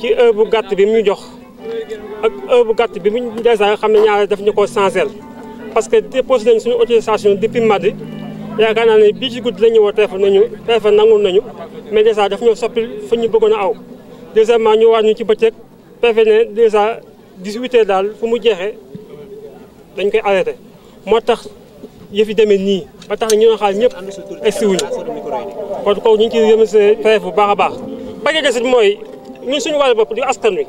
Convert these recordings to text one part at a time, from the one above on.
ci heure bu gàtt bi mu ñu jox ak bu gàtt bi mu ñu dèjà xam ne ñaar daf ñu ko changer parce que déposé nañ suñu autorisation depuis mardi yaakaar naa ne bii ci guddi la ñu woo téléphone nañu téléphone nangul nañu mais dèjà daf ñoo soppil fa ñu bëggoon a aw deuxièmement ñu waar ñu ci bëccëg préfet ne dèjà 18 heures daal fu mu jeexee dañ koy arrêté moo tax yëf yi demee nii ba tax na ñu doon xaar ñëpp egsi wuñu kon kooku ñu ngi ciy remercier préfet bu baax a baax ba ca mooy ñun suñu wàllu bopp di askan wi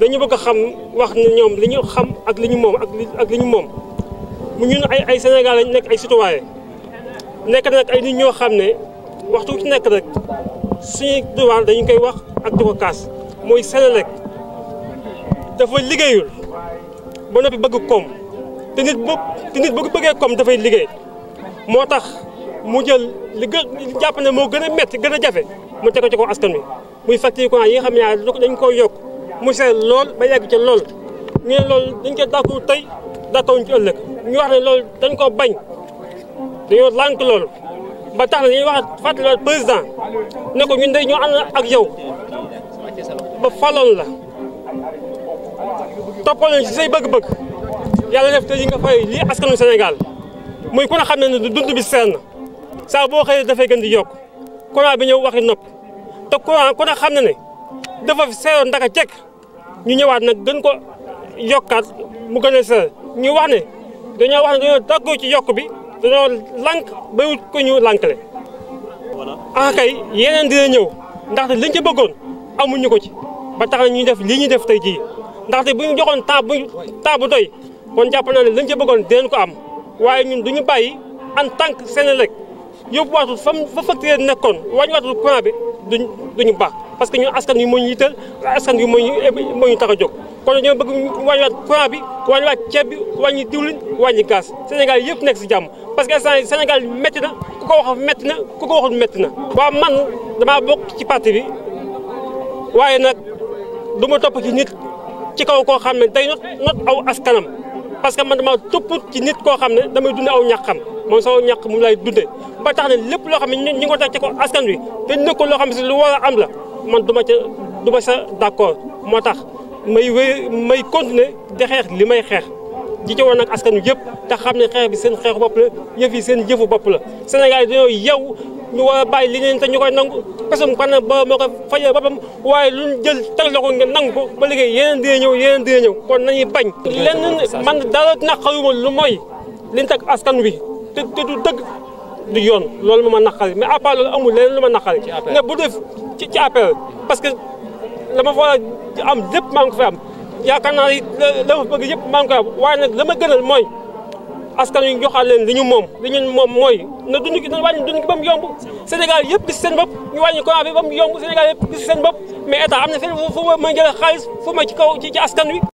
dañu bëgg xam wax ne ñoom li ñu xam ak li ñu moom ak li ak li ñu moom mu ñun ay ay Sénégal nekk ay citoyen nekk nag ay nit ñoo xam ne waxtu ci nekk rek suñu duwaan dañu koy wax ak di kaas mooy Sénélec dafa liggéeyul ba noppi bëgg koom te nit bëgg bëggee koom dafay liggéey moo tax mu jël li gën jàpp ne moo gën a metti gën a jafe mu teg ko ci ko askan wi muy facture courant yi nga xam ne dañ koo yokk mu seet lool ba yegg ca lool ñu ne loolu dañ ko dàkku tey dàkkawuñ ci ëllëg ñu wax ne loolu dañ koo bañ dañoo lànk loolu ba tax na ñuy wax fàttali président ne ko ñun day ñoo ànd ak yow ba faloon la toppaloon ci say bëgg-bëgg yàlla def te yi nga fay lii askanu Sénégal muy ku ne xam ne ne dund bi seen saa boo xëyee dafay gën di yokk courant bi ñëw waxi nopp te courant ku ne xam na ne dafa seeroon ndaka jekk ñu ñëwaat na gën ko yokkaat mu gën a seer ñu wax ne dañoo wax ne dañoo daggoo ci yokk bi dañoo lànk bayut ko ñu lànkale ah kay yeneen dina ñëw ndaxte liñ ci bëggoon amuñu ko ci ba tax na ñuy def lii ñuy def tey jii ndaxte bu ñu joxoon temps bu temps doy kon jàpp naa ne liñ ci bëggoon dinañ ko am waaye ñun duñu bàyyi en tant que Senelec yóbbuwaatul fa mu fa facture nekkoon wàññiwaatul courant bi duñ duñu baax parce que ñun askan wi moo ñu yitteel askan wi moo ñu moo ñu tax a jóg kon ñoo bëgg wàññiwaat courant bi wàññiwaat ceeb bi wàññi diwlin wàññi gaz Sénégal yëpp nekk si jàmm parce que senegal Sénégal métti na ku ko wax métti na ku ko waxul métti na waaw man damaa bokk ci parti bi waaye nag du ma topp ci nit ci kaw koo xam ne day not not aw askanam parce que man damaa topp ci nit koo xam ne damay dund aw ñàkkam moom sama ñàkk mu lay dunde ba tax na lépp loo xam ne ñi ko teg ci ko askan wi te nekkul loo xam ne si lu war am la man du ma ca du ma sa d'accord moo tax may wéy may continuer di xeex li may xeex di ci woon nag askan wi yëpp te xam ne xeex bi seen xeexu bopp la yëf yi seen jëfu bopp la Sénégal dañoo yow ñu war a bàyyi li neen te ñu koy nangu parce que kanam ba moo ko fajee waaye lu ñu jël teg la ko nga nangu ko ba liggéey yeneen dina ñëw yeneen dina ñëw kon nañuy bañ lenn man dara naqaruma lu mooy liñ teg askan wi te te du dëgg du yoon loolu moo ma naqari mais à part loolu amul leneen lu ma a ne bu def ci ci appel parce que la ma war am lépp maa ngi ko fi am yaakaar naa ni la ma bëgg yëpp maa ngi koy am waaye nag la ma gënal mooy askan wi joxaat leen li ñu moom li ñu moom mooy na dund gi na wàññi dund gi ba mu yomb Sénégal yëpp gis seen bopp ñu wàññi courant bi ba mu yomb Sénégal yëpp gis seen bopp mais état am na fii fu ma jëlee xaalis fu ma ci kaw ci askan wi.